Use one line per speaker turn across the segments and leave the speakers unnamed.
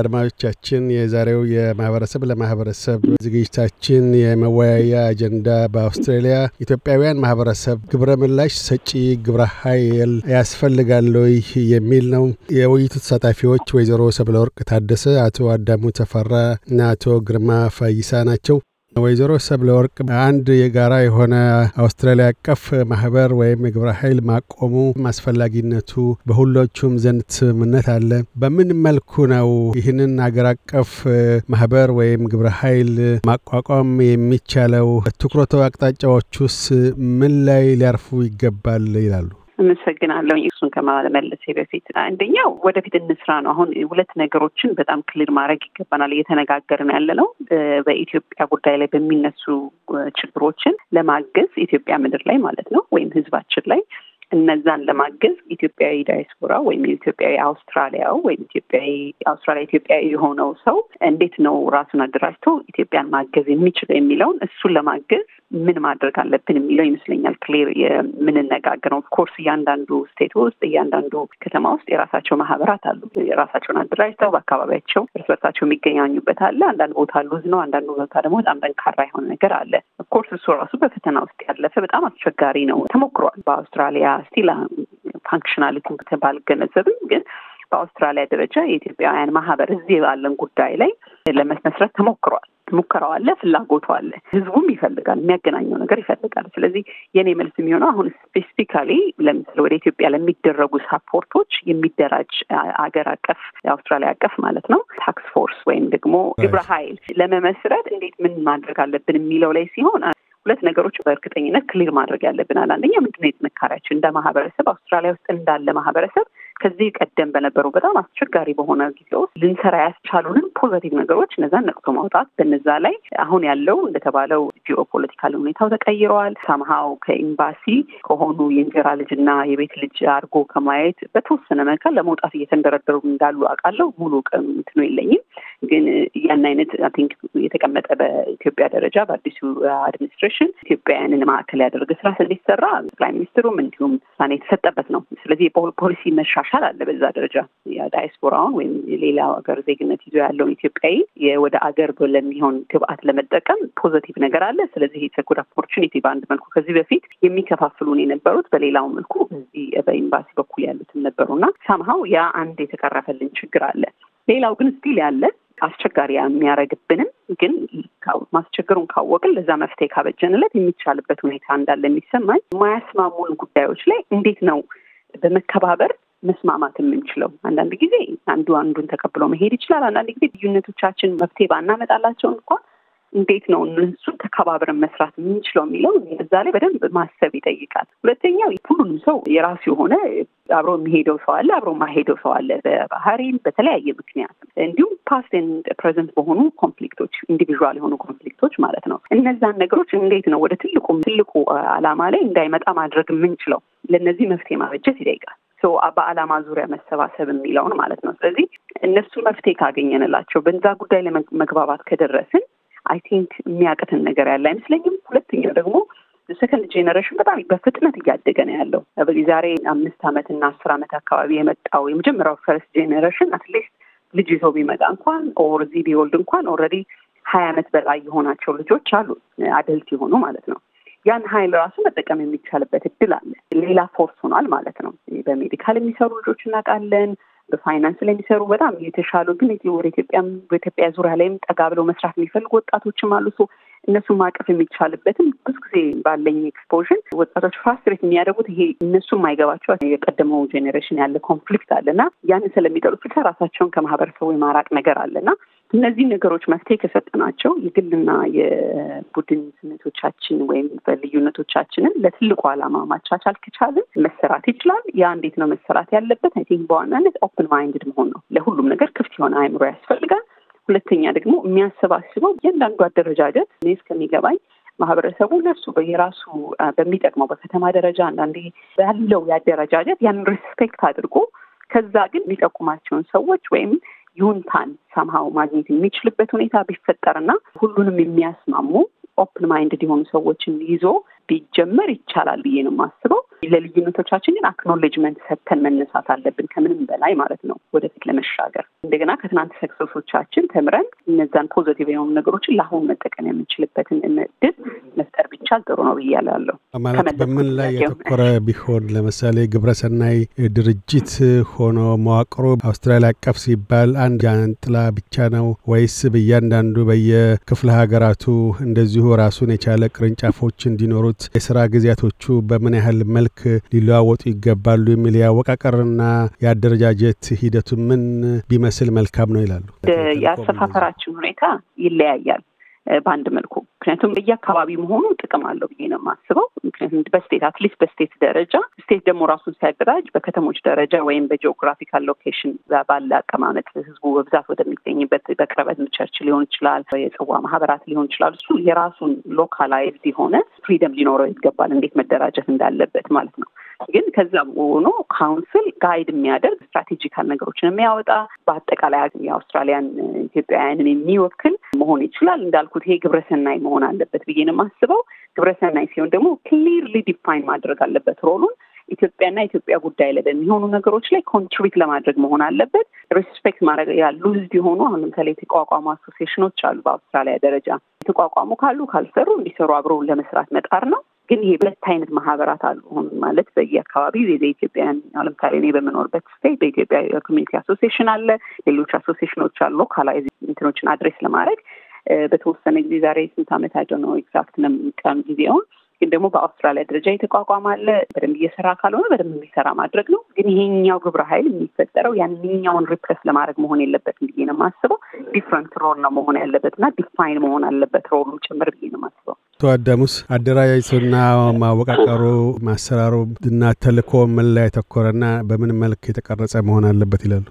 አድማጮቻችን የዛሬው የማህበረሰብ ለማህበረሰብ ዝግጅታችን የመወያያ አጀንዳ በአውስትራሊያ ኢትዮጵያውያን ማህበረሰብ ግብረ ምላሽ ሰጪ ግብረ ኃይል ያስፈልጋል የሚል ነው። የውይይቱ ተሳታፊዎች ወይዘሮ ሰብለወርቅ ታደሰ፣ አቶ አዳሙ ተፈራ እና አቶ ግርማ ፋይሳ ናቸው። ወይዘሮ ሰብለ ወርቅ አንድ የጋራ የሆነ አውስትራሊያ አቀፍ ማህበር ወይም የግብረ ኃይል ማቆሙ አስፈላጊነቱ በሁሎቹም ዘንድ ስምምነት አለ። በምን መልኩ ነው ይህንን አገር አቀፍ ማህበር ወይም ግብረ ኃይል ማቋቋም የሚቻለው? ትኩረቱ አቅጣጫዎቹስ ምን ላይ ሊያርፉ ይገባል ይላሉ?
አመሰግናለሁ። እሱን ከማለመለሴ በፊት አንደኛው ወደፊት እንስራ ነው። አሁን ሁለት ነገሮችን በጣም ክሊር ማድረግ ይገባናል። እየተነጋገርን ያለ ነው በኢትዮጵያ ጉዳይ ላይ በሚነሱ ችግሮችን ለማገዝ ኢትዮጵያ ምድር ላይ ማለት ነው ወይም ህዝባችን ላይ እነዛን ለማገዝ ኢትዮጵያዊ ዳያስፖራ ወይም ኢትዮጵያዊ አውስትራሊያው ወይም ኢትዮጵያዊ አውስትራሊያ ኢትዮጵያዊ የሆነው ሰው እንዴት ነው ራሱን አደራጅቶ ኢትዮጵያን ማገዝ የሚችለው የሚለውን እሱን ለማገዝ ምን ማድረግ አለብን የሚለው ይመስለኛል ክሌር የምንነጋገረው። ኦፍኮርስ እያንዳንዱ ስቴት ውስጥ እያንዳንዱ ከተማ ውስጥ የራሳቸው ማህበራት አሉ። የራሳቸውን አደራጅተው በአካባቢያቸው እርስ በርሳቸው የሚገናኙበት አለ። አንዳንድ ቦታ ሉዝ ነው፣ አንዳንድ ቦታ ደግሞ በጣም ጠንካራ የሆነ ነገር አለ። ኦፍኮርስ እሱ ራሱ በፈተና ውስጥ ያለፈ በጣም አስቸጋሪ ነው። ተሞክሯል። በአውስትራሊያ ስቲል ፋንክሽናሊቲ ባልገነዘብም ግን በአውስትራሊያ ደረጃ የኢትዮጵያውያን ማህበር እዚህ ባለን ጉዳይ ላይ ለመስመስረት ተሞክሯል። ሙከራው አለ፣ ፍላጎቱ አለ፣ ህዝቡም ይፈልጋል፣ የሚያገናኘው ነገር ይፈልጋል። ስለዚህ የኔ መልስ የሚሆነው አሁን ስፔሲፊካሊ ለምሳሌ ወደ ኢትዮጵያ ለሚደረጉ ሳፖርቶች የሚደራጅ አገር አቀፍ አውስትራሊያ አቀፍ ማለት ነው ታክስ ፎርስ ወይም ደግሞ ግብረ ኃይል ለመመስረት እንዴት ምን ማድረግ አለብን የሚለው ላይ ሲሆን ሁለት ነገሮች በእርግጠኝነት ክሊር ማድረግ ያለብናል። አንደኛ ምንድነው የጥንካሬያችን እንደ ማህበረሰብ አውስትራሊያ ውስጥ እንዳለ ማህበረሰብ ከዚህ ቀደም በነበሩ በጣም አስቸጋሪ በሆነ ጊዜ ውስጥ ልንሰራ ያስቻሉንን ፖዘቲቭ ነገሮች እነዛን ነቅቶ ማውጣት፣ በነዛ ላይ አሁን ያለው እንደተባለው ጂኦ ፖለቲካል ሁኔታው ተቀይረዋል። ሰምሃው ከኤምባሲ ከሆኑ የእንጀራ ልጅና የቤት ልጅ አድርጎ ከማየት በተወሰነ መልካ ለመውጣት እየተንደረደሩ እንዳሉ አውቃለሁ። ሙሉ ቀምትኖ የለኝም፣ ግን ያን አይነት አይ ቲንክ የተቀመጠ በኢትዮጵያ ደረጃ በአዲሱ አድሚኒስትሬሽን ኢትዮጵያውያንን ማዕከል ያደረገ ስራ እንዲሰራ ጠቅላይ ሚኒስትሩም እንዲሁም ውሳኔ የተሰጠበት ነው። ስለዚህ የፖሊሲ መሻሻል አለ። በዛ ደረጃ የዳያስፖራውን ወይም የሌላ ሀገር ዜግነት ይዞ ያለውን ኢትዮጵያዊ ወደ አገር ለሚሆን ግብአት ለመጠቀም ፖዘቲቭ ነገር አለ። ስለዚህ የተኩድ ኦፖርቹኒቲ በአንድ መልኩ ከዚህ በፊት የሚከፋፍሉን የነበሩት በሌላው መልኩ እዚህ በኤምባሲ በኩል ያሉትን ነበሩና ሳምሃው ያ አንድ የተቀረፈልን ችግር አለ። ሌላው ግን ስቲል ያለ አስቸጋሪ የሚያደርግብንም ግን ማስቸገሩን ካወቅን ለዛ መፍትሄ ካበጀንለት የሚቻልበት ሁኔታ እንዳለ የሚሰማኝ የማያስማሙን ጉዳዮች ላይ እንዴት ነው በመከባበር መስማማት የምንችለው? አንዳንድ ጊዜ አንዱ አንዱን ተቀብሎ መሄድ ይችላል። አንዳንድ ጊዜ ልዩነቶቻችን መፍትሄ ባናመጣላቸው እንኳን እንዴት ነው እነሱ ተከባብረን መስራት የምንችለው የሚለው እዛ ላይ በደንብ ማሰብ ይጠይቃል። ሁለተኛው ሁሉንም ሰው የራሱ የሆነ አብሮ የሚሄደው ሰው አለ፣ አብሮ ማሄደው ሰው አለ። በባህሪም በተለያየ ምክንያት እንዲሁም ፓስት ኤንድ ፕሬዘንት በሆኑ ኮንፍሊክቶች፣ ኢንዲቪዥዋል የሆኑ ኮንፍሊክቶች ማለት ነው። እነዛን ነገሮች እንዴት ነው ወደ ትልቁ ትልቁ አላማ ላይ እንዳይመጣ ማድረግ የምንችለው ለእነዚህ መፍትሄ ማበጀት ይጠይቃል። በአላማ ዙሪያ መሰባሰብ የሚለውን ማለት ነው። ስለዚህ እነሱ መፍትሄ ካገኘንላቸው በዛ ጉዳይ ለመግባባት ከደረስን አይ ቲንክ የሚያቅትን ነገር ያለ አይመስለኝም። ሁለተኛው ደግሞ ሰከንድ ጄኔሬሽን በጣም በፍጥነት እያደገ ነው ያለው። ዛሬ አምስት ዓመት እና አስር ዓመት አካባቢ የመጣው የመጀመሪያው ፈርስት ጄኔሬሽን አትሊስት ልጅ ይዘው ቢመጣ እንኳን ኦር እዚህ ቢወልድ እንኳን ኦልሬዲ ሀያ ዓመት በላይ የሆናቸው ልጆች አሉ፣ አደልት የሆኑ ማለት ነው። ያን ሀይል ራሱ መጠቀም የሚቻልበት እድል አለ። ሌላ ፎርስ ሆኗል ማለት ነው። በሜዲካል የሚሰሩ ልጆች እናውቃለን። በፋይናንስ ላይ የሚሰሩ በጣም የተሻሉ ግን ወደ ኢትዮጵያም በኢትዮጵያ ዙሪያ ላይም ጠጋ ብለው መስራት የሚፈልጉ ወጣቶችም አሉ። እነሱ ማቀፍ የሚቻልበትም ብዙ ጊዜ ባለኝ ኤክስፖዥን ወጣቶች ፋስትሬት የሚያደርጉት ይሄ እነሱ የማይገባቸው የቀደመው ጄኔሬሽን ያለ ኮንፍሊክት አለና ያንን ስለሚጠሉ ብቻ ራሳቸውን ከማህበረሰቡ የማራቅ ነገር አለና እነዚህ ነገሮች መፍትሄ ከሰጠናቸው የግልና የቡድን ስሜቶቻችን ወይም በልዩነቶቻችንን ለትልቁ ዓላማ ማቻቻል ከቻልን መሰራት ይችላል። ያ እንዴት ነው መሰራት ያለበት? አይ ቲንክ በዋናነት ኦፕን ማይንድድ መሆን ነው። ለሁሉም ነገር ክፍት የሆነ አይምሮ ያስፈልጋል። ሁለተኛ ደግሞ የሚያሰባስበው እያንዳንዱ አደረጃጀት እኔ እስከሚገባኝ ማህበረሰቡ ለሱ የራሱ በሚጠቅመው በከተማ ደረጃ አንዳንዴ ያለው ያደረጃጀት ያንን ሪስፔክት አድርጎ ከዛ ግን የሚጠቁማቸውን ሰዎች ወይም ዩንታን ሰምሃው ማግኘት የሚችልበት ሁኔታ ቢፈጠርና ሁሉንም የሚያስማሙ ኦፕን ማይንድ የሆኑ ሰዎችን ይዞ ቢጀመር ይቻላል ብዬ ነው የማስበው። ለልዩነቶቻችን ግን አክኖሌጅመንት ሰጥተን መነሳት አለብን፣ ከምንም በላይ ማለት ነው ወደፊት ለመሻገር እንደገና ከትናንት ሰክሰሶቻችን ተምረን እነዛን ፖዘቲቭ የሆኑ ነገሮችን ለአሁን መጠቀም የምንችልበትን እድል መፍጠር ቢቻል ጥሩ ነው ብዬ
ማለት በምን ላይ ያተኮረ ቢሆን ለምሳሌ ግብረሰናይ ድርጅት ሆኖ መዋቅሩ አውስትራሊያ አቀፍ ሲባል አንድ ጃንጥላ ብቻ ነው ወይስ በእያንዳንዱ በየክፍለ ሀገራቱ እንደዚሁ ራሱን የቻለ ቅርንጫፎች እንዲኖሩት የሚሰሩት የስራ ጊዜያቶቹ በምን ያህል መልክ ሊለዋወጡ ይገባሉ የሚል የአወቃቀርና የአደረጃጀት ሂደቱ ምን ቢመስል መልካም ነው ይላሉ?
የአሰፋፈራችን ሁኔታ ይለያያል። በአንድ መልኩ ምክንያቱም በየአካባቢ መሆኑ ጥቅም አለው ብዬ ነው የማስበው። ምክንያቱም በስቴት አትሊስት በስቴት ደረጃ ስቴት ደግሞ ራሱን ሲያደራጅ በከተሞች ደረጃ ወይም በጂኦግራፊካል ሎኬሽን ባለ አቀማመጥ ህዝቡ በብዛት ወደሚገኝበት በቅርበት ቸርች ሊሆን ይችላል፣ የጽዋ ማህበራት ሊሆን ይችላል። እሱ የራሱን ሎካላይዝድ የሆነ ፍሪደም ሊኖረው ይገባል፣ እንዴት መደራጀት እንዳለበት ማለት ነው። ግን ከዛ ሆኖ ካውንስል ጋይድ የሚያደርግ ስትራቴጂካል ነገሮችን የሚያወጣ በአጠቃላይ የአውስትራሊያን ኢትዮጵያውያንን የሚወክል መሆን ይችላል። እንዳልኩት ይሄ ግብረሰናይ መሆን መሆን አለበት ብዬ ነው የማስበው። ግብረሰናይ ሲሆን ደግሞ ክሊርሊ ዲፋይን ማድረግ አለበት ሮሉን ኢትዮጵያና ኢትዮጵያ ጉዳይ ላይ በሚሆኑ ነገሮች ላይ ኮንትሪቢዩት ለማድረግ መሆን አለበት። ሪስፔክት ማድረግ ያሉ ህዝብ የሆኑ አሁን ለምሳሌ የተቋቋሙ አሶሲሽኖች አሉ በአውስትራሊያ ደረጃ የተቋቋሙ ካሉ ካልሰሩ እንዲሰሩ አብረውን ለመስራት መጣር ነው። ግን ይሄ ሁለት አይነት ማህበራት አሉ። አሁን ማለት በየአካባቢው የኢትዮጵያን ለምሳሌ እኔ በምኖርበት ስቴት በኢትዮጵያ ኮሚኒቲ አሶሲሽን አለ፣ ሌሎች አሶሲሽኖች አሉ ሎካላይዝ እንትኖችን አድሬስ ለማድረግ በተወሰነ ጊዜ ዛሬ ስንት ዓመት አይደው ነው ኤግዛክት ነው ጊዜውን ግን ደግሞ በአውስትራሊያ ደረጃ የተቋቋመ አለ። በደንብ እየሰራ ካልሆነ በደንብ የሚሰራ ማድረግ ነው። ግን ይሄኛው ግብረ ኃይል የሚፈጠረው ያንኛውን ሪፕረስ ለማድረግ መሆን የለበትም ብዬ ነው የማስበው። ዲፍረንት ሮል ነው መሆን ያለበት እና ዲፋይን መሆን አለበት ሮሉ ጭምር ብዬ ነው
የማስበው። አቶ አዳሙስ አደራጃጀቱና ማወቃቀሩ ማሰራሩ እና ተልእኮ ምን ላይ ያተኮረና በምን መልክ የተቀረጸ መሆን አለበት ይላሉ?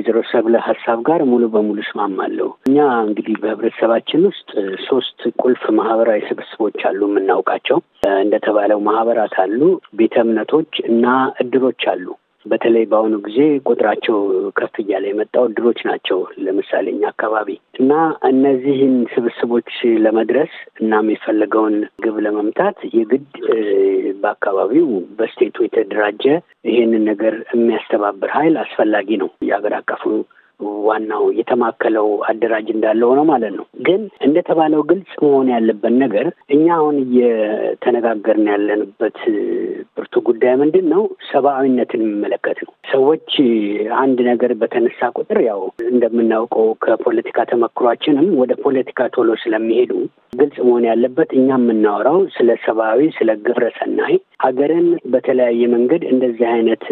ከወይዘሮ ሰብለ ሀሳብ ጋር ሙሉ በሙሉ እስማማለሁ። እኛ እንግዲህ በህብረተሰባችን ውስጥ ሶስት ቁልፍ ማህበራዊ ስብስቦች አሉ የምናውቃቸው። እንደተባለው ማህበራት አሉ፣ ቤተ እምነቶች እና እድሮች አሉ። በተለይ በአሁኑ ጊዜ ቁጥራቸው ከፍ እያለ የመጣው እድሮች ናቸው። ለምሳሌ እኛ አካባቢ እና እነዚህን ስብስቦች ለመድረስ እና የሚፈለገውን ግብ ለመምታት የግድ በአካባቢው በስቴቱ የተደራጀ ይሄንን ነገር የሚያስተባብር ኃይል አስፈላጊ ነው የሀገር አቀፉ ዋናው የተማከለው አደራጅ እንዳለው ነው ማለት ነው። ግን እንደተባለው ግልጽ መሆን ያለበት ነገር እኛ አሁን እየተነጋገርን ያለንበት ብርቱ ጉዳይ ምንድን ነው? ሰብአዊነትን የሚመለከት ነው። ሰዎች አንድ ነገር በተነሳ ቁጥር ያው እንደምናውቀው ከፖለቲካ ተመክሯችንም ወደ ፖለቲካ ቶሎ ስለሚሄዱ ግልጽ መሆን ያለበት እኛ የምናወራው ስለ ሰብአዊ፣ ስለ ግብረ ሰናይ ሀገርን በተለያየ መንገድ እንደዚህ አይነት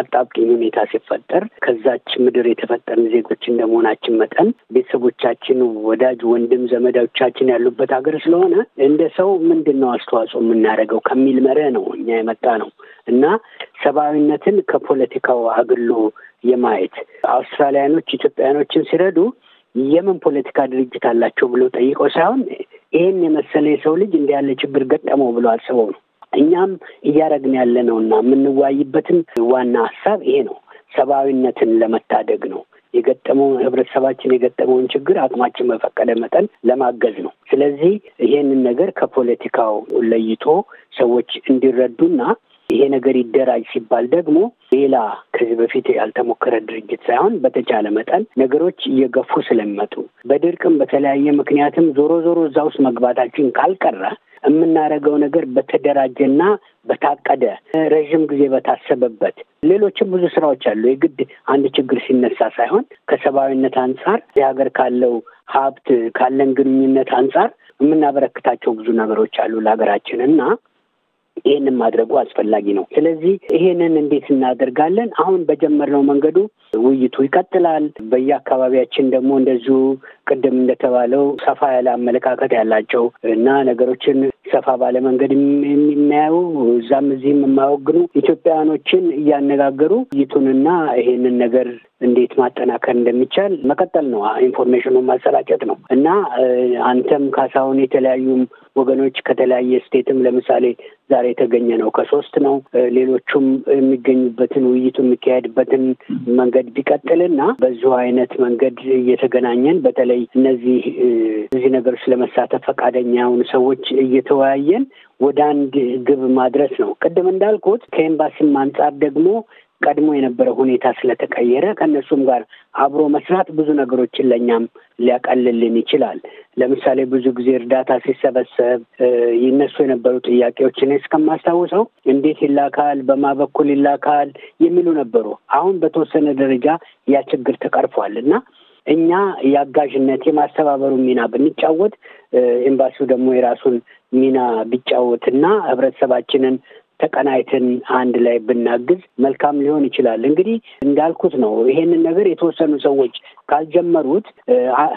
አጣብቂኝ ሁኔታ ሲፈጠር ከዛች ምድር የተፈጠርን ዜጎች እንደመሆናችን መጠን ቤተሰቦቻችን፣ ወዳጅ ወንድም ዘመዳዎቻችን ያሉበት ሀገር ስለሆነ እንደ ሰው ምንድን ነው አስተዋጽኦ የምናደርገው ከሚል መርህ ነው እኛ የመጣ ነው እና ሰብአዊነትን ከፖለቲካው አግሎ የማየት አውስትራሊያኖች ኢትዮጵያኖችን ሲረዱ የምን ፖለቲካ ድርጅት አላቸው ብሎ ጠይቀው ሳይሆን ይህን የመሰለ የሰው ልጅ እንዲህ ያለ ችግር ገጠመው ብሎ አስበው ነው። እኛም እያደረግን ያለ ነው እና የምንዋይበትን ዋና ሀሳብ ይሄ ነው። ሰብአዊነትን ለመታደግ ነው። የገጠመውን ህብረተሰባችን የገጠመውን ችግር አቅማችን በፈቀደ መጠን ለማገዝ ነው። ስለዚህ ይሄንን ነገር ከፖለቲካው ለይቶ ሰዎች እንዲረዱና ይሄ ነገር ይደራጅ ሲባል ደግሞ ሌላ ከዚህ በፊት ያልተሞከረ ድርጅት ሳይሆን በተቻለ መጠን ነገሮች እየገፉ ስለሚመጡ በድርቅም በተለያየ ምክንያትም ዞሮ ዞሮ እዛ ውስጥ መግባታችን ካልቀረ የምናደርገው ነገር በተደራጀና በታቀደ ረዥም ጊዜ በታሰበበት ሌሎችም ብዙ ስራዎች አሉ። የግድ አንድ ችግር ሲነሳ ሳይሆን ከሰብአዊነት አንጻር የሀገር ካለው ሀብት ካለን ግንኙነት አንጻር የምናበረክታቸው ብዙ ነገሮች አሉ ለሀገራችን እና ይህንን ማድረጉ አስፈላጊ ነው። ስለዚህ ይሄንን እንዴት እናደርጋለን? አሁን በጀመርነው መንገዱ ውይይቱ ይቀጥላል። በየአካባቢያችን ደግሞ እንደዚሁ ቅድም እንደተባለው ሰፋ ያለ አመለካከት ያላቸው እና ነገሮችን ሰፋ ባለ መንገድ የሚናየው እዛም እዚህም የማያወግኑ ኢትዮጵያውያኖችን እያነጋገሩ ውይይቱንና ይሄንን ነገር እንዴት ማጠናከር እንደሚቻል መቀጠል ነው። ኢንፎርሜሽኑን ማሰራጨት ነው እና አንተም ካሳሁን የተለያዩም ወገኖች ከተለያየ ስቴትም ለምሳሌ ዛሬ የተገኘ ነው ከሶስት ነው። ሌሎቹም የሚገኙበትን ውይይቱ የሚካሄድበትን መንገድ ቢቀጥልና በዚሁ አይነት መንገድ እየተገናኘን በተለይ እነዚህ እዚህ ነገሮች ለመሳተፍ ፈቃደኛ የሆኑ ሰዎች እየተወያየን ወደ አንድ ግብ ማድረስ ነው። ቅድም እንዳልኩት ከኤምባሲም አንጻር ደግሞ ቀድሞ የነበረ ሁኔታ ስለተቀየረ ከእነሱም ጋር አብሮ መስራት ብዙ ነገሮችን ለእኛም ሊያቀልልን ይችላል። ለምሳሌ ብዙ ጊዜ እርዳታ ሲሰበሰብ ይነሱ የነበሩ ጥያቄዎች እኔ እስከማስታውሰው እንዴት ይላካል፣ በማ በኩል ይላካል የሚሉ ነበሩ። አሁን በተወሰነ ደረጃ ያ ችግር ተቀርፏል እና እኛ የአጋዥነት የማስተባበሩ ሚና ብንጫወት ኤምባሲው ደግሞ የራሱን ሚና ቢጫወትና ህብረተሰባችንን ተቀናይተን አንድ ላይ ብናግዝ መልካም ሊሆን ይችላል። እንግዲህ እንዳልኩት ነው። ይሄንን ነገር የተወሰኑ ሰዎች ካልጀመሩት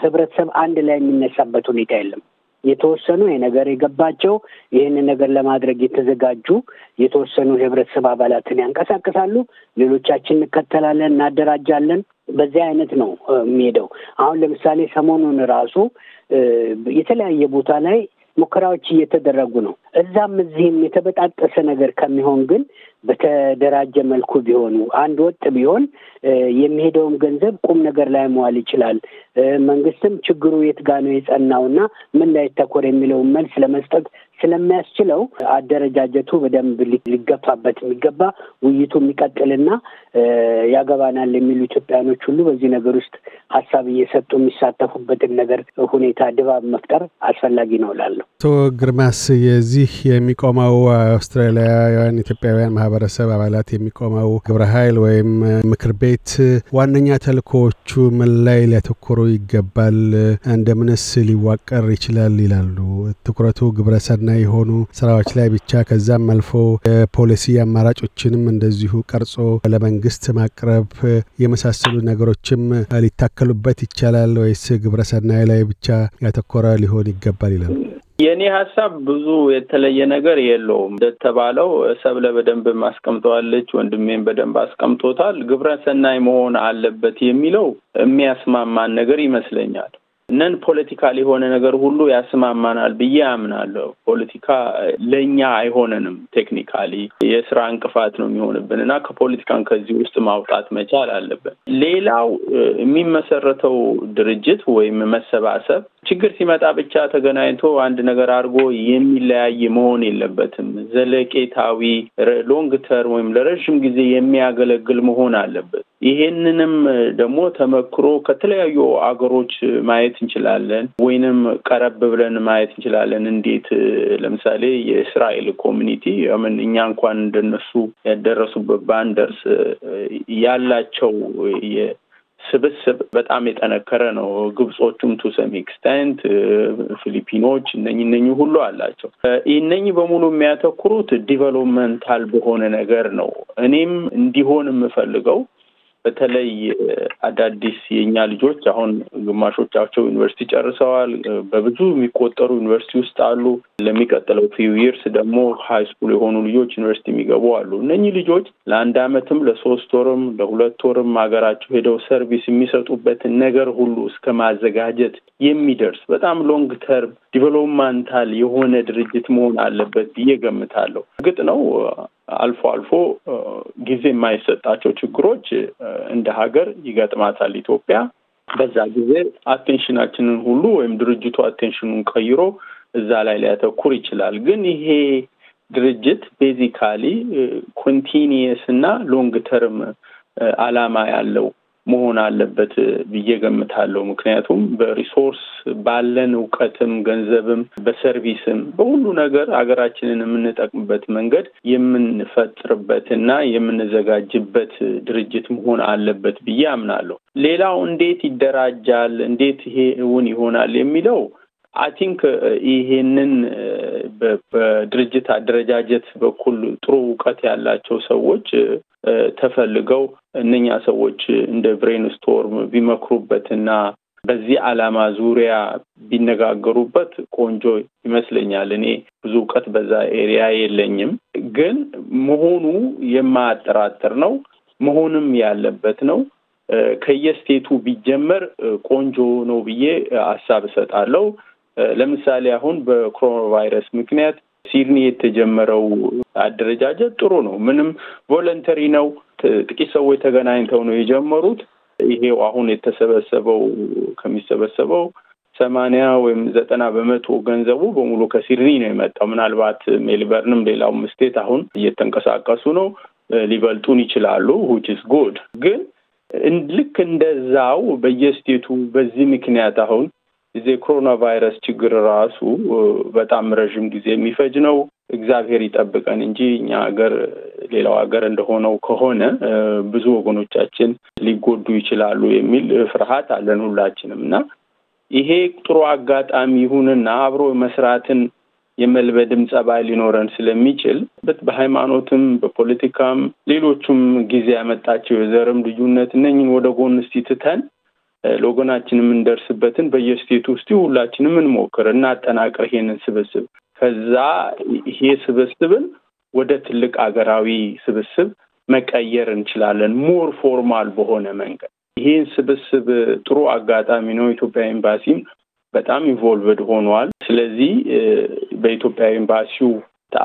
ህብረተሰብ አንድ ላይ የሚነሳበት ሁኔታ የለም። የተወሰኑ ይሄ ነገር የገባቸው ይህንን ነገር ለማድረግ የተዘጋጁ የተወሰኑ የህብረተሰብ አባላትን ያንቀሳቅሳሉ። ሌሎቻችን እንከተላለን፣ እናደራጃለን። በዚህ አይነት ነው የሚሄደው። አሁን ለምሳሌ ሰሞኑን ራሱ የተለያየ ቦታ ላይ ሙከራዎች እየተደረጉ ነው። እዛም እዚህም የተበጣጠሰ ነገር ከሚሆን ግን በተደራጀ መልኩ ቢሆኑ አንድ ወጥ ቢሆን የሚሄደውም ገንዘብ ቁም ነገር ላይ መዋል ይችላል። መንግስትም ችግሩ የት ጋ ነው የጸናው እና ምን ላይ ተኮር የሚለውን መልስ ለመስጠት ስለሚያስችለው አደረጃጀቱ በደንብ ሊገፋበት የሚገባ ውይይቱ የሚቀጥልና ያገባናል የሚሉ ኢትዮጵያኖች ሁሉ በዚህ ነገር ውስጥ ሀሳብ እየሰጡ የሚሳተፉበትን ነገር ሁኔታ ድባብ መፍጠር አስፈላጊ ነው እላለሁ።
አቶ ግርማስ የዚህ የሚቆመው አውስትራሊያውያን ኢትዮጵያውያን ማህበረሰብ አባላት የሚቆመው ግብረ ኃይል ወይም ምክር ቤት ዋነኛ ተልእኮዎቹ ምን ላይ ሊያተኩሩ ይገባል፣ እንደምንስ ሊዋቀር ይችላል ይላሉ። ትኩረቱ ግብረሰና የሆኑ ስራዎች ላይ ብቻ ከዛም አልፎ የፖሊሲ አማራጮችንም እንደዚሁ ቀርጾ ለመንግስት ማቅረብ የመሳሰሉ ነገሮችም ሊታከሉበት ይቻላል ወይስ ግብረሰናይ ላይ ብቻ ያተኮረ ሊሆን ይገባል ይላሉ።
የእኔ ሀሳብ ብዙ የተለየ ነገር የለውም። እንደተባለው ሰብለ በደንብ አስቀምጠዋለች፣ ወንድሜም በደንብ አስቀምጦታል። ግብረ ሰናይ መሆን አለበት የሚለው የሚያስማማን ነገር ይመስለኛል። ነን ፖለቲካል የሆነ ነገር ሁሉ ያስማማናል ብዬ አምናለሁ። ፖለቲካ ለእኛ አይሆነንም። ቴክኒካሊ የስራ እንቅፋት ነው የሚሆንብን እና ከፖለቲካን ከዚህ ውስጥ ማውጣት መቻል አለብን። ሌላው የሚመሰረተው ድርጅት ወይም መሰባሰብ ችግር ሲመጣ ብቻ ተገናኝቶ አንድ ነገር አድርጎ የሚለያይ መሆን የለበትም። ዘለቄታዊ ሎንግ ተርም ወይም ለረዥም ጊዜ የሚያገለግል መሆን አለበት። ይሄንንም ደግሞ ተመክሮ ከተለያዩ አገሮች ማየት እንችላለን፣ ወይንም ቀረብ ብለን ማየት እንችላለን። እንዴት ለምሳሌ የእስራኤል ኮሚኒቲ ምን እኛ እንኳን እንደነሱ ያደረሱበት ባንደርስ ያላቸው ስብስብ በጣም የጠነከረ ነው። ግብጾቹም ቱ ሰም ኤክስተንት፣ ፊሊፒኖች እነኝ እነኝ ሁሉ አላቸው። እነኝ በሙሉ የሚያተኩሩት ዲቨሎፕመንታል በሆነ ነገር ነው። እኔም እንዲሆን የምፈልገው በተለይ አዳዲስ የእኛ ልጆች አሁን ግማሾቻቸው ዩኒቨርሲቲ ጨርሰዋል። በብዙ የሚቆጠሩ ዩኒቨርሲቲ ውስጥ አሉ። ለሚቀጥለው ፊው ይርስ ደግሞ ሀይ ስኩል የሆኑ ልጆች ዩኒቨርሲቲ የሚገቡ አሉ። እነኚህ ልጆች ለአንድ አመትም ለሶስት ወርም ለሁለት ወርም ሀገራቸው ሄደው ሰርቪስ የሚሰጡበትን ነገር ሁሉ እስከ ማዘጋጀት የሚደርስ በጣም ሎንግ ተርም ዲቨሎፕመንታል የሆነ ድርጅት መሆን አለበት ብዬ ገምታለሁ። እርግጥ ነው አልፎ አልፎ ጊዜ የማይሰጣቸው ችግሮች እንደ ሀገር ይገጥማታል ኢትዮጵያ። በዛ ጊዜ አቴንሽናችንን ሁሉ ወይም ድርጅቱ አቴንሽኑን ቀይሮ እዛ ላይ ሊያተኩር ይችላል። ግን ይሄ ድርጅት ቤዚካሊ ኮንቲኒየስ እና ሎንግ ተርም አላማ ያለው መሆን አለበት ብዬ ገምታለሁ። ምክንያቱም በሪሶርስ ባለን እውቀትም፣ ገንዘብም፣ በሰርቪስም በሁሉ ነገር ሀገራችንን የምንጠቅምበት መንገድ የምንፈጥርበት እና የምንዘጋጅበት ድርጅት መሆን አለበት ብዬ አምናለሁ። ሌላው እንዴት ይደራጃል፣ እንዴት ይሄ እውን ይሆናል የሚለው አይ ቲንክ uh, ይሄንን uh, በድርጅት አደረጃጀት በኩል ጥሩ እውቀት ያላቸው ሰዎች uh, ተፈልገው እነኛ ሰዎች እንደ ብሬን ስቶርም ቢመክሩበትና በዚህ ዓላማ ዙሪያ ቢነጋገሩበት ቆንጆ ይመስለኛል። እኔ ብዙ እውቀት በዛ ኤሪያ የለኝም፣ ግን መሆኑ የማያጠራጥር ነው። መሆንም ያለበት ነው። ከየስቴቱ ቢጀመር ቆንጆ ነው ብዬ ሀሳብ እሰጣለሁ። ለምሳሌ አሁን በኮሮና ቫይረስ ምክንያት ሲድኒ የተጀመረው አደረጃጀት ጥሩ ነው። ምንም ቮለንተሪ ነው። ጥቂት ሰዎች ተገናኝተው ነው የጀመሩት። ይሄው አሁን የተሰበሰበው ከሚሰበሰበው ሰማንያ ወይም ዘጠና በመቶ ገንዘቡ በሙሉ ከሲድኒ ነው የመጣው። ምናልባት ሜልበርንም ሌላውም ስቴት አሁን እየተንቀሳቀሱ ነው፣ ሊበልጡን ይችላሉ። ሁችስ ጉድ ግን ልክ እንደዛው በየስቴቱ በዚህ ምክንያት አሁን የዚህ የኮሮና ቫይረስ ችግር ራሱ በጣም ረዥም ጊዜ የሚፈጅ ነው። እግዚአብሔር ይጠብቀን እንጂ እኛ ሀገር ሌላው ሀገር እንደሆነው ከሆነ ብዙ ወገኖቻችን ሊጎዱ ይችላሉ የሚል ፍርሃት አለን ሁላችንም እና ይሄ ጥሩ አጋጣሚ ይሁንና አብሮ መስራትን የመልበድም ጸባይ ሊኖረን ስለሚችል በሃይማኖትም፣ በፖለቲካም ሌሎቹም ጊዜ ያመጣቸው የዘርም ልዩነት እነኝን ወደ ጎን እስቲ ትተን ለወገናችን የምንደርስበትን በየስቴቱ ውስጥ ሁላችንም እንሞክር፣ እናጠናቅር ይሄንን ስብስብ። ከዛ ይሄ ስብስብን ወደ ትልቅ አገራዊ ስብስብ መቀየር እንችላለን፣ ሞር ፎርማል በሆነ መንገድ። ይሄን ስብስብ ጥሩ አጋጣሚ ነው። ኢትዮጵያ ኤምባሲም በጣም ኢንቮልቭድ ሆኗል። ስለዚህ በኢትዮጵያ ኤምባሲው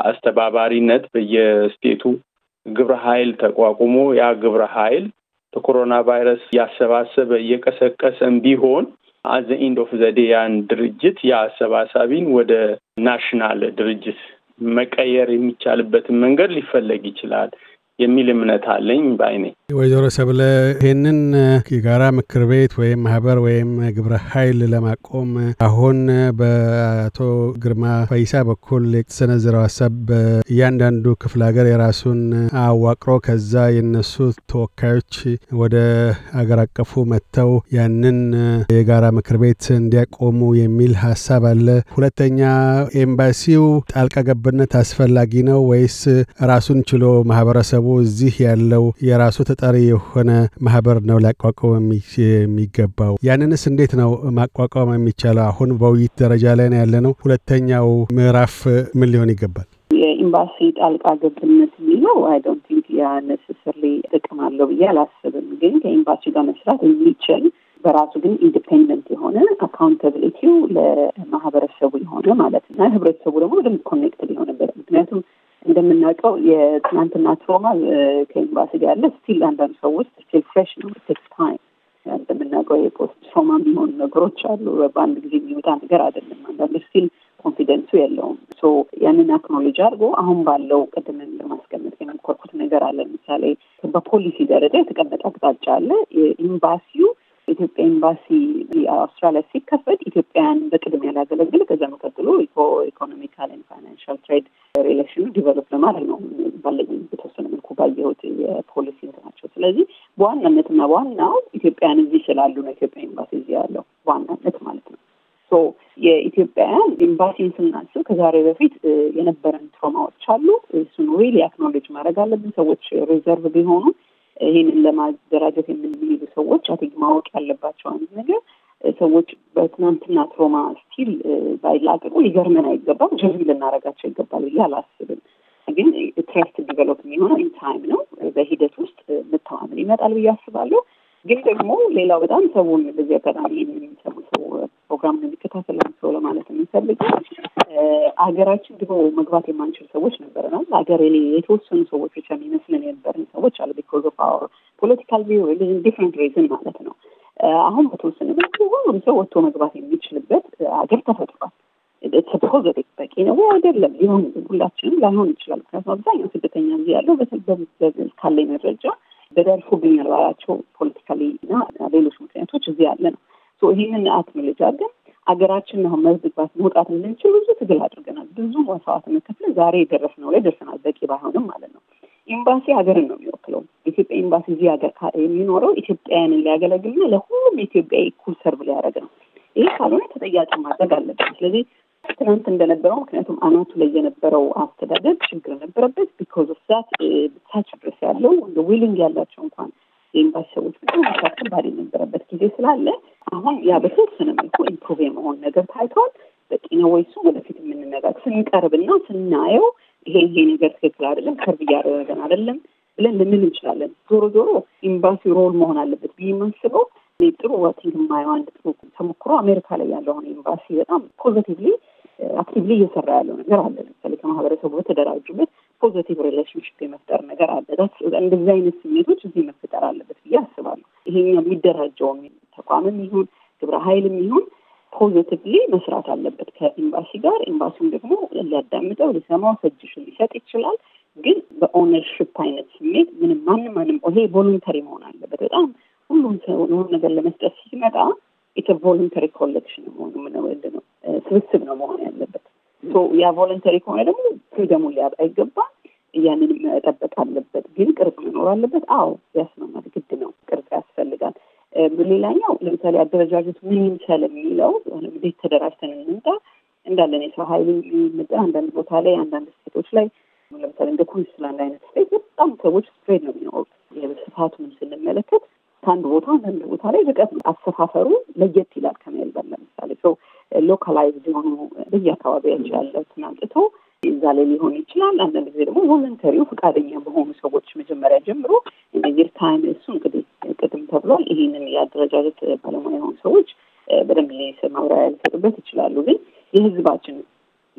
አስተባባሪነት በየስቴቱ ግብረ ኃይል ተቋቁሞ ያ ግብረ ኃይል በኮሮና ቫይረስ ያሰባሰበ እየቀሰቀሰም ቢሆን አዘ ኢንድ ኦፍ ዘዴ ያን ድርጅት የአሰባሳቢን ወደ ናሽናል ድርጅት መቀየር የሚቻልበትን መንገድ ሊፈለግ ይችላል። የሚል እምነት አለኝ ባይ
ወይዘሮ ሰብለ ይህንን የጋራ ምክር ቤት ወይም ማህበር ወይም ግብረ ኃይል ለማቆም አሁን በአቶ ግርማ ፈይሳ በኩል የተሰነዘረው ሀሳብ እያንዳንዱ ክፍለ ሀገር የራሱን አዋቅሮ ከዛ የነሱ ተወካዮች ወደ አገር አቀፉ መጥተው ያንን የጋራ ምክር ቤት እንዲያቆሙ የሚል ሀሳብ አለ። ሁለተኛ ኤምባሲው ጣልቃ ገብነት አስፈላጊ ነው ወይስ ራሱን ችሎ ማህበረሰቡ ገንዘቡ እዚህ ያለው የራሱ ተጠሪ የሆነ ማህበር ነው ሊያቋቋም የሚገባው። ያንንስ እንዴት ነው ማቋቋም የሚቻለው? አሁን በውይይት ደረጃ ላይ ነው ያለነው። ሁለተኛው ምዕራፍ ምን ሊሆን ይገባል?
የኤምባሲ ጣልቃ ገብነት የሚለው አይ ዶንት ቲንክ ያ ነስስርሊ ጥቅም አለው ብዬ አላስብም። ግን ከኤምባሲ ጋር መስራት የሚችል በራሱ ግን ኢንዲፔንደንት የሆነ አካውንታብሊቲው ለማህበረሰቡ የሆነ ማለት ነው። ህብረተሰቡ ደግሞ በደንብ ኮኔክትድ የሆነበት ምክንያቱም እንደምናውቀው የትናንትና ትሮማ ከኤምባሲ ጋር ያለ ስቲል አንዳንድ ውስጥ ስቲል ፍሬሽ ነው ቴክስ ታይም እንደምናውቀው የፖስት ትሮማ የሚሆኑ ነገሮች አሉ። በአንድ ጊዜ የሚወጣ ነገር አይደለም። አንዳንድ ስቲል ኮንፊደንሱ የለውም። ሶ ያንን አክኖሎጂ አድርጎ አሁን ባለው ቅድም ለማስቀመጥ የመንኮርኩት ነገር አለ። ለምሳሌ በፖሊሲ ደረጃ የተቀመጠ አቅጣጫ አለ። ኤምባሲው ኢትዮጵያ ኤምባሲ አውስትራሊያ ሲከፈት ኢትዮጵያን በቅድሚያ ላገለግል ከዚያ መቀጥሎ ኢኮኖሚካል ን ፋይናንሻል ትሬድ ሪሌሽኑ ዲቨሎፕ ለማድረግ ነው ባለኝ በተወሰነ መልኩ ባየሁት የፖሊሲ ናቸው። ስለዚህ በዋናነት በዋናነትና ዋናው ኢትዮጵያን እዚህ ስላሉ ነው ኢትዮጵያ ኤምባሲ እዚህ ያለው በዋናነት ማለት ነው። ሶ የኢትዮጵያውያን ኤምባሲን ስናስብ ከዛሬ በፊት የነበረን ትሮማዎች አሉ። እሱን ሪሊ አክኖሌጅ ማድረግ አለብን። ሰዎች ሪዘርቭ ቢሆኑ ይህንን ለማደራጀት የምንሄዱ ሰዎች አይ ማወቅ ያለባቸው አንድ ነገር ሰዎች በትናንትና ትሮማ ስቲል ባይላቀቁ ሊገርመን አይገባም። ጀዙ ልናረጋቸው ይገባል ብዬ አላስብም። ግን ትረስት ዲቨሎፕ የሚሆነው ኢንታይም ነው። በሂደት ውስጥ መተማመን ይመጣል ብዬ አስባለሁ። ግን ደግሞ ሌላው በጣም ሰውን በዚህ አጋጣሚ የሚሰሙ ሰው ፕሮግራም ነው ሰው ለማለት የሚፈልገው ሀገራችን ድሮ መግባት የማንችል ሰዎች ነበርናል። ሀገር የተወሰኑ ሰዎች ብቻ የሚመስለን የነበርን ሰዎች አሉ። ቢኮዝ ኦፍ አወር ፖለቲካል ዲፍረንት ሪዝን ማለት ነው። አሁን በተወሰነ መልኩ ሁሉም ሰው ወጥቶ መግባት የሚችልበት ሀገር ተፈጥሯል። ተፖዘሪ በቂ ነው ወይ አይደለም? ሊሆን ሁላችንም ላይሆን ይችላል። ምክንያቱም አብዛኛው ስደተኛ እዚህ ያለው ካለኝ መረጃ በደርሶብኛል ባላቸው ፖለቲካሊ እና ሌሎች ምክንያቶች እዚህ ያለ ነው። ይህንን አክምልጃ ግን አገራችን አሁን መዝግባት መውጣት እንድንችል ብዙ ትግል አድርገናል። ብዙ መስዋዕት ከፍለን ዛሬ የደረስ ነው ላይ ደርሰናል። በቂ ባይሆንም ማለት ነው። ኤምባሲ ሀገርን ነው የሚወክለው። ኢትዮጵያ ኤምባሲ እዚህ ሀገር የሚኖረው ኢትዮጵያውያንን ሊያገለግልና ለሁሉም ኢትዮጵያ ኩል ሰርቭ ሊያደርግ ነው። ይህ ካልሆነ ተጠያቂ ማድረግ አለብን። ስለዚህ ትናንት እንደነበረው ምክንያቱም አናቱ ላይ የነበረው አስተዳደር ችግር ነበረበት። ቢኮዝ ኦፍ ዛት ታች ድረስ ያለው ዊሊንግ ያላቸው እንኳን የኤምባሲ ሰዎች በጣም አስቸጋሪ የነበረበት ጊዜ ስላለ አሁን ያ በተወሰነ መልኩ ኢምፕሩቭ የመሆን ነገር ታይቷል። በቂ ነው ወይ እሱ ወደፊት ስንቀርብ ስንቀርብና ስናየው ይሄ ይሄ ነገር ትክክል አይደለም፣ ከርብ እያደረገን አይደለም ብለን ልንል እንችላለን። ዞሮ ዞሮ ኤምባሲ ሮል መሆን አለበት ብዬ የማስበው ጥሩ ወቲንግ የማየው አንድ ጥሩ ተሞክሮ አሜሪካ ላይ ያለው አሁን ኤምባሲ በጣም ፖዘቲቭሊ አክቲቭሊ እየሰራ ያለው ነገር አለ። ለምሳሌ ከማህበረሰቡ በተደራጁበት ፖዘቲቭ ሪሌሽንሽፕ የመፍጠር ነገር አለ። እንደዚህ አይነት ስሜቶች እዚህ መፈጠር አለበት ብዬ አስባለሁ። ይሄኛው የሚደራጀውም ተቋምም ይሁን ግብረ ኃይልም ይሁን ፖዘቲቭሊ መስራት አለበት ከኤምባሲ ጋር። ኤምባሲውም ደግሞ ሊያዳምጠው፣ ሊሰማው፣ ሰጅሽን ሊሰጥ ይችላል። ግን በኦነርሽፕ አይነት ስሜት ምንም ማንም ማንም ይሄ ቮሉንተሪ መሆን አለበት። በጣም ሁሉም ሰው ነገር ለመስጠት ሲመጣ ኢት ቮሉንተሪ ኮሌክሽን መሆኑ ምንወድ ነው ስብስብ ነው መሆን ያለበት። ያ ቮለንተሪ ከሆነ ደግሞ ፍሪደሙን ሊያጣ አይገባም። ያንን መጠበቅ አለበት። ግን ቅርጽ መኖር አለበት። አዎ ያስማማል፣ ግድ ነው። ቅርጽ ያስፈልጋል። ሌላኛው ለምሳሌ አደረጃጀት ምን ይምሰል የሚለው እንዴት ተደራጅተን እንምጣ እንዳለን የሰው ኃይል የሚመጣ አንዳንድ ቦታ ላይ አንዳንድ ስቴቶች ላይ ለምሳሌ እንደ ኩንስላንድ አይነት ስቴት በጣም ሰዎች ስፕሬድ ነው የሚኖሩት። ስፋቱን ስንመለከት ከአንድ ቦታ አንዳንድ ቦታ ላይ ርቀት አሰፋፈሩ ለየት ይላል ከሜልበርን ለምሳሌ ሰው ሎካላይዝድ የሆኑ በየአካባቢያቸው ያለውን አምጥቶ እዛ ላይ ሊሆን ይችላል። አንዳንድ ጊዜ ደግሞ ቮለንተሪው ፈቃደኛ በሆኑ ሰዎች መጀመሪያ ጀምሮ እነዚህ ታይም እሱ እንግዲህ ቅድም ተብሏል። ይህንን የአደረጃጀት ባለሙያ የሆኑ ሰዎች በደንብ ማብራሪያ ሊሰጡበት ይችላሉ። ግን የህዝባችን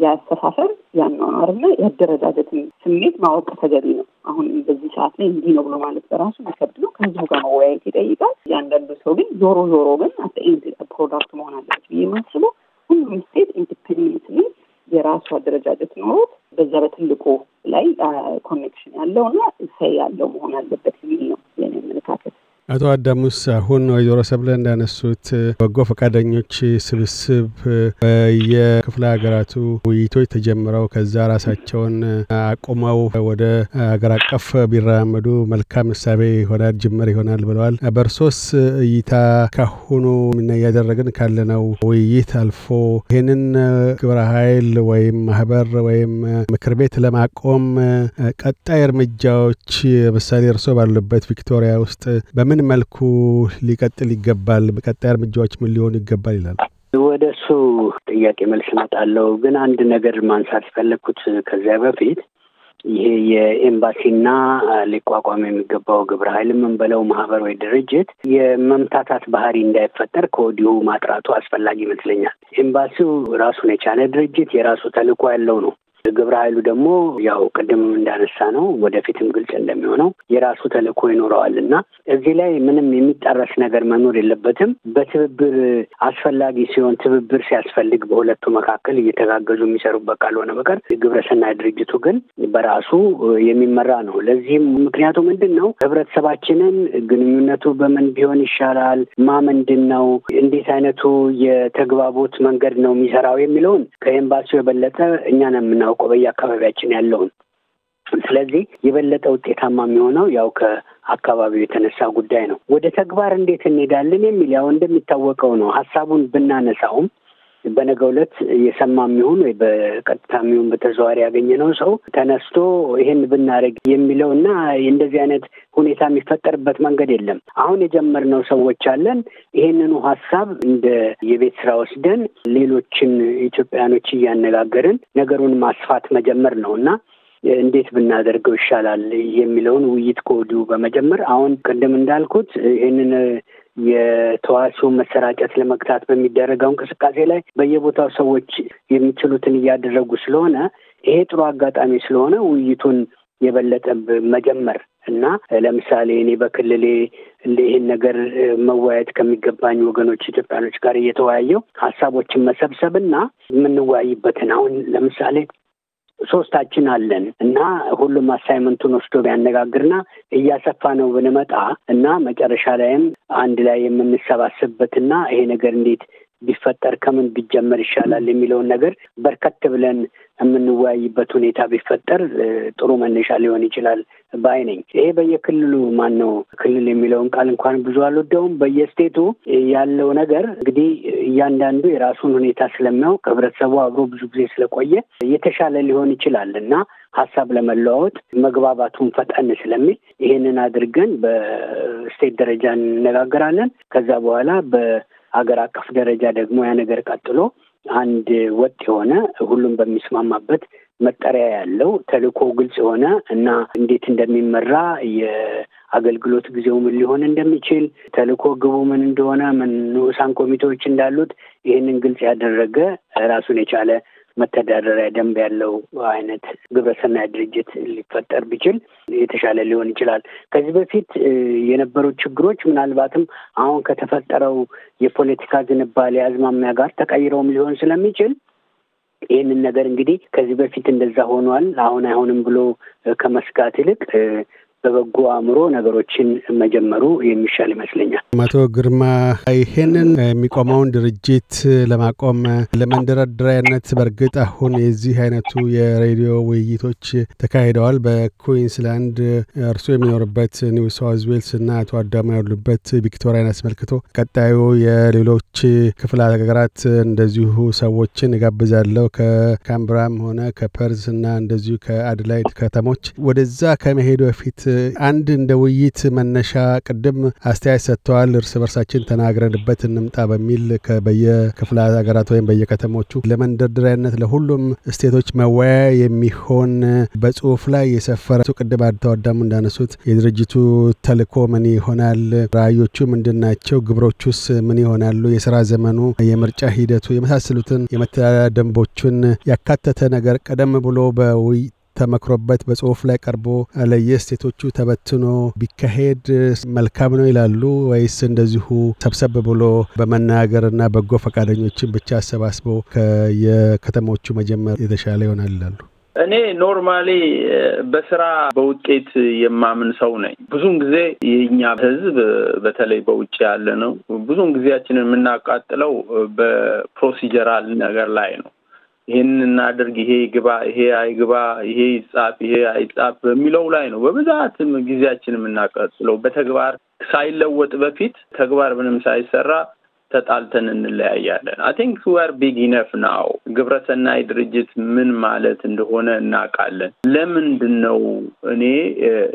የአስተሳሰብ የአኗኗርና የአደረጃጀትን ስሜት ማወቅ ተገቢ ነው። አሁን በዚህ ሰዓት ላይ እንዲህ ነው ብሎ ማለት በራሱ ሊከብድ ነው። ከህዝቡ ጋር መወያየት ይጠይቃል። እያንዳንዱ ሰው ግን ዞሮ ዞሮ ግን አጠ ፕሮዳክት መሆን አለበት ብዬ ማስበው ሁሉም ስቴት ኢንዲፔንደንትሊ የራሱ አደረጃጀት ኖሮት በዛ በትልቁ ላይ ኮኔክሽን ያለው እና እሰይ ያለው መሆን አለበት የሚል ነው የኔ አመለካከት።
አቶ አዳሙስ አሁን ወይዘሮ ሰብለ እንዳነሱት በጎ ፈቃደኞች ስብስብ በየክፍለ ሀገራቱ ውይይቶች ተጀምረው ከዛ ራሳቸውን አቁመው ወደ ሀገር አቀፍ ቢራመዱ መልካም እሳቤ ይሆናል፣ ጅምር ይሆናል ብለዋል። በእርሶስ እይታ ካሁኑ እያደረግን ካለነው ውይይት አልፎ ይህንን ግብረ ኃይል ወይም ማህበር ወይም ምክር ቤት ለማቆም ቀጣይ እርምጃዎች ምሳሌ እርሶ ባሉበት ቪክቶሪያ ውስጥ በምን መልኩ ሊቀጥል ይገባል? በቀጣይ እርምጃዎች ምን ሊሆኑ ይገባል ይላል።
ወደ እሱ ጥያቄ መልስ እመጣለሁ። ግን አንድ ነገር ማንሳት የፈለግኩት ከዚያ በፊት ይሄ የኤምባሲና ሊቋቋም የሚገባው ግብረ ኃይልም እንበለው ማህበር ወይ ድርጅት የመምታታት ባህሪ እንዳይፈጠር ከወዲሁ ማጥራቱ አስፈላጊ ይመስለኛል። ኤምባሲው ራሱን የቻለ ድርጅት የራሱ ተልዕኮ ያለው ነው። ግብረ ኃይሉ ደግሞ ያው ቅድም እንዳነሳ ነው ወደፊትም ግልጽ እንደሚሆነው የራሱ ተልዕኮ ይኖረዋል እና እዚህ ላይ ምንም የሚጠረስ ነገር መኖር የለበትም። በትብብር አስፈላጊ ሲሆን ትብብር ሲያስፈልግ በሁለቱ መካከል እየተጋገዙ የሚሰሩበት ካልሆነ በቀር ግብረሰናይ ድርጅቱ ግን በራሱ የሚመራ ነው። ለዚህም ምክንያቱ ምንድን ነው? ህብረተሰባችንን ግንኙነቱ በምን ቢሆን ይሻላል፣ ማ ምንድን ነው፣ እንዴት አይነቱ የተግባቦት መንገድ ነው የሚሰራው የሚለውን ከኤምባሲው የበለጠ እኛ ነው የምናው የምናውቀው በየአካባቢያችን ያለውን። ስለዚህ የበለጠ ውጤታማ የሚሆነው ያው ከአካባቢው የተነሳ ጉዳይ ነው። ወደ ተግባር እንዴት እንሄዳለን የሚል ያው እንደሚታወቀው ነው። ሀሳቡን ብናነሳውም በነገ ዕለት የሰማ የሚሆን ወይ በቀጥታ የሚሆን ያገኘ ነው ሰው ተነስቶ ይህን ብናደርግ የሚለው እና እንደዚህ አይነት ሁኔታ የሚፈጠርበት መንገድ የለም። አሁን የጀመርነው ሰዎች አለን። ይህንኑ ሀሳብ እንደ የቤት ስራ ወስደን ሌሎችን ኢትዮጵያኖች እያነጋገርን ነገሩን ማስፋት መጀመር ነው እና እንዴት ብናደርገው ይሻላል የሚለውን ውይይት ከወዲሁ በመጀመር አሁን ቅድም እንዳልኩት ይህንን የተዋሲውን መሰራጨት ለመግታት በሚደረገው እንቅስቃሴ ላይ በየቦታው ሰዎች የሚችሉትን እያደረጉ ስለሆነ ይሄ ጥሩ አጋጣሚ ስለሆነ ውይይቱን የበለጠ መጀመር እና ለምሳሌ እኔ በክልሌ ይህን ነገር መወያየት ከሚገባኝ ወገኖች ኢትዮጵያኖች ጋር እየተወያየው ሀሳቦችን መሰብሰብ እና የምንወያይበትን አሁን ለምሳሌ ሶስታችን አለን እና ሁሉም አሳይመንቱን ወስዶ ቢያነጋግርና እያሰፋ ነው ብንመጣ እና መጨረሻ ላይም አንድ ላይ የምንሰባሰብበትና ይሄ ነገር እንዴት ቢፈጠር ከምን ቢጀመር ይሻላል የሚለውን ነገር በርከት ብለን የምንወያይበት ሁኔታ ቢፈጠር ጥሩ መነሻ ሊሆን ይችላል ባይ ነኝ። ይሄ በየክልሉ ማን ነው ክልል የሚለውን ቃል እንኳን ብዙ አልወደውም። በየስቴቱ ያለው ነገር እንግዲህ እያንዳንዱ የራሱን ሁኔታ ስለሚያውቅ ህብረተሰቡ አብሮ ብዙ ጊዜ ስለቆየ የተሻለ ሊሆን ይችላል እና ሀሳብ ለመለዋወጥ መግባባቱን ፈጠን ስለሚል ይሄንን አድርገን በስቴት ደረጃ እንነጋገራለን። ከዛ በኋላ በሀገር አቀፍ ደረጃ ደግሞ ያ ነገር ቀጥሎ አንድ ወጥ የሆነ ሁሉም በሚስማማበት መጠሪያ ያለው ተልእኮ ግልጽ የሆነ እና እንዴት እንደሚመራ የአገልግሎት ጊዜው ምን ሊሆን እንደሚችል ተልእኮ ግቡ ምን እንደሆነ ምን ንዑሳን ኮሚቴዎች እንዳሉት ይህንን ግልጽ ያደረገ ራሱን የቻለ መተዳደሪያ ደንብ ያለው አይነት ግብረሰናይ ድርጅት ሊፈጠር ቢችል የተሻለ ሊሆን ይችላል። ከዚህ በፊት የነበሩ ችግሮች ምናልባትም አሁን ከተፈጠረው የፖለቲካ ዝንባሌ አዝማሚያ ጋር ተቀይረውም ሊሆን ስለሚችል ይህንን ነገር እንግዲህ ከዚህ በፊት እንደዛ ሆኗል አሁን አይሆንም ብሎ ከመስጋት ይልቅ በበጎ አእምሮ ነገሮችን መጀመሩ የሚሻል ይመስለኛል።
አቶ ግርማ ይሄንን የሚቆመውን ድርጅት ለማቆም ለመንደረደሪያነት በእርግጥ አሁን የዚህ አይነቱ የሬዲዮ ውይይቶች ተካሂደዋል። በኩዊንስላንድ እርሶ የሚኖርበት ኒው ሳውዝ ዌልስ እና አቶ አዳማ ያሉበት ቪክቶሪያን አስመልክቶ ቀጣዩ የሌሎች ክፍለ ሀገራት እንደዚሁ ሰዎችን እጋብዛለሁ ከካምብራም ሆነ ከፐርዝ እና እንደዚሁ ከአድላይድ ከተሞች ወደዛ ከመሄዱ በፊት አንድ እንደ ውይይት መነሻ ቅድም አስተያየት ሰጥተዋል። እርስ በርሳችን ተናግረንበት እንምጣ በሚል በየክፍለ ሀገራት ወይም በየከተሞቹ ለመንደርደሪያነት ለሁሉም ስቴቶች መወያ የሚሆን በጽሁፍ ላይ የሰፈረ ቅድም አቶ እንዳነሱት የድርጅቱ ተልእኮ ምን ይሆናል፣ ራዕዮቹ ምንድን ናቸው፣ ግብሮቹስ ምን ይሆናሉ፣ የስራ ዘመኑ፣ የምርጫ ሂደቱ የመሳሰሉትን የመተዳደሪያ ደንቦቹን ያካተተ ነገር ቀደም ብሎ በውይይት ተመክሮበት በጽሁፍ ላይ ቀርቦ ለየስቴቶቹ ተበትኖ ቢካሄድ መልካም ነው ይላሉ ወይስ እንደዚሁ ሰብሰብ ብሎ እና በጎ ፈቃደኞችን ብቻ አሰባስቦ ከየከተሞቹ መጀመር የተሻለ ይሆናል ይላሉ?
እኔ ኖርማሊ በስራ በውጤት የማምን ሰው ነኝ። ብዙውን ጊዜ የኛ ህዝብ በተለይ በውጭ ያለ ነው ብዙውን ጊዜያችንን የምናቃጥለው በፕሮሲጀራል ነገር ላይ ነው። ይህን እናድርግ፣ ይሄ ይግባ፣ ይሄ አይግባ፣ ይሄ ይጻፍ፣ ይሄ አይጻፍ በሚለው ላይ ነው በብዛት ጊዜያችን የምናቀጽለው። በተግባር ሳይለወጥ በፊት ተግባር ምንም ሳይሰራ ተጣልተን እንለያያለን። አይ ቲንክ ዌር ቢግ ኢነፍ ናው። ግብረሰናይ ድርጅት ምን ማለት እንደሆነ እናውቃለን። ለምንድን ነው እኔ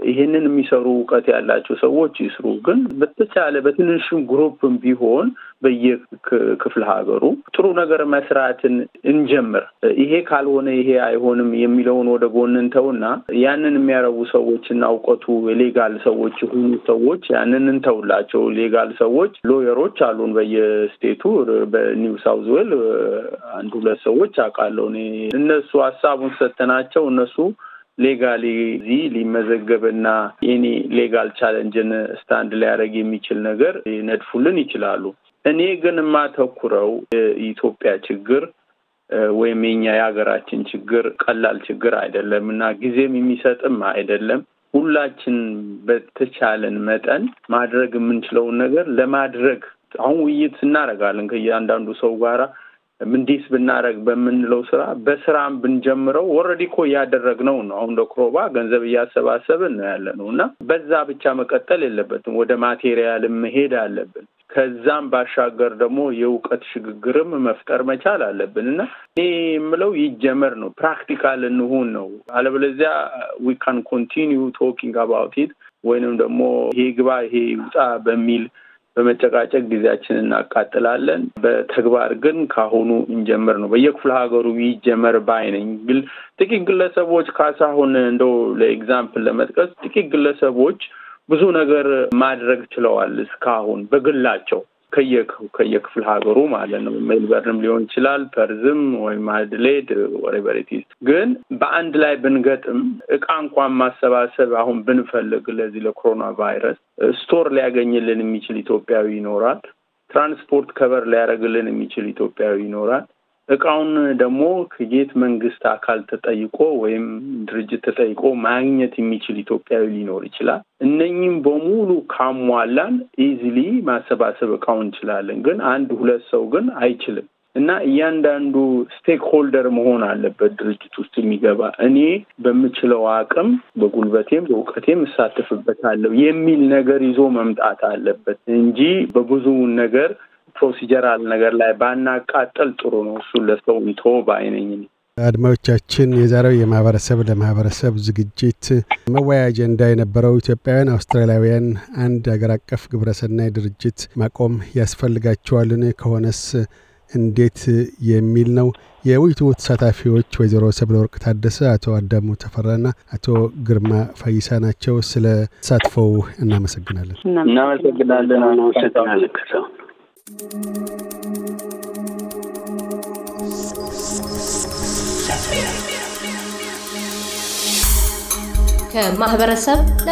ይህንን የሚሰሩ እውቀት ያላቸው ሰዎች ይስሩ፣ ግን በተቻለ በትንሽም ግሩፕም ቢሆን በየክፍለ ሀገሩ ጥሩ ነገር መስራትን እንጀምር። ይሄ ካልሆነ ይሄ አይሆንም የሚለውን ወደ ጎን እንተውና ያንን የሚያረቡ ሰዎችና እውቀቱ ሌጋል ሰዎች የሆኑ ሰዎች ያንን እንተውላቸው። ሌጋል ሰዎች ሎየሮች አሉን በየስቴቱ በኒው ሳውዝ ዌል አንድ ሁለት ሰዎች አውቃለሁ እነሱ ሀሳቡን ሰተናቸው እነሱ ሌጋሊ እዚህ ሊመዘገብና ኤኒ ሌጋል ቻለንጅን ስታንድ ሊያደርግ የሚችል ነገር ነድፉልን ይችላሉ። እኔ ግን የማተኩረው የኢትዮጵያ ችግር ወይም የኛ የሀገራችን ችግር ቀላል ችግር አይደለም እና ጊዜም የሚሰጥም አይደለም። ሁላችን በተቻለን መጠን ማድረግ የምንችለውን ነገር ለማድረግ አሁን ውይይት እናደርጋለን ከእያንዳንዱ ሰው ጋራ እንዲስ ብናደረግ በምንለው ስራ በስራም ብንጀምረው ወረዲኮ እኮ እያደረግነው ነው። አሁን ለክሮባ ገንዘብ እያሰባሰብን ነው ያለ ነው እና በዛ ብቻ መቀጠል የለበትም። ወደ ማቴሪያልም መሄድ አለብን። ከዛም ባሻገር ደግሞ የእውቀት ሽግግርም መፍጠር መቻል አለብን እና እኔ የምለው ይጀመር ነው። ፕራክቲካል እንሁን ነው። አለበለዚያ ዊ ካን ኮንቲኒው ቶኪንግ አባውት ኢት ወይንም ደግሞ ይሄ ግባ ይሄ ይውጣ በሚል በመጨቃጨቅ ጊዜያችንን እናቃጥላለን። በተግባር ግን ካሁኑ እንጀምር ነው። በየክፍለ ሀገሩ ይጀመር ባይ ነኝ። ግል ጥቂት ግለሰቦች ካሳሁን፣ እንደው ለኤግዛምፕል ለመጥቀስ ጥቂት ግለሰቦች ብዙ ነገር ማድረግ ችለዋል። እስካሁን በግላቸው ከየክፍል ሀገሩ ማለት ነው። ሜልበርንም ሊሆን ይችላል፣ ፐርዝም ወይም አድሌድ ወሬበሬቲስ። ግን በአንድ ላይ ብንገጥም እቃ እንኳን ማሰባሰብ አሁን ብንፈልግ ለዚህ ለኮሮና ቫይረስ ስቶር ሊያገኝልን የሚችል ኢትዮጵያዊ ይኖራል። ትራንስፖርት ከበር ሊያደርግልን የሚችል ኢትዮጵያዊ ይኖራል። እቃውን ደግሞ ከየት መንግስት አካል ተጠይቆ ወይም ድርጅት ተጠይቆ ማግኘት የሚችል ኢትዮጵያዊ ሊኖር ይችላል። እነኝም በሙሉ ካሟላን ኢዚሊ ማሰባሰብ እቃውን እንችላለን። ግን አንድ ሁለት ሰው ግን አይችልም እና እያንዳንዱ ስቴክ ሆልደር መሆን አለበት ድርጅት ውስጥ የሚገባ እኔ በምችለው አቅም በጉልበቴም በእውቀቴም እሳተፍበታለሁ የሚል ነገር ይዞ መምጣት አለበት እንጂ በብዙውን ነገር ፕሮሲጀራል ነገር ላይ ባናቃጠል ጥሩ ነው። እሱ ለሰው እንቶ በአይነኝ
አድማጮቻችን የዛሬው የማህበረሰብ ለማህበረሰብ ዝግጅት መወያያ አጀንዳ የነበረው ኢትዮጵያውያን አውስትራሊያውያን አንድ አገር አቀፍ ግብረሰናይ ድርጅት ማቆም ያስፈልጋቸዋልን ከሆነስ እንዴት የሚል ነው። የውይይቱ ተሳታፊዎች ወይዘሮ ሰብለ ወርቅ ታደሰ፣ አቶ አዳሙ ተፈራና አቶ ግርማ ፈይሳ ናቸው። ስለ ተሳትፈው እናመሰግናለን።
እናመሰግናለን።
ከማህበረሰብ ለማህበረሰብ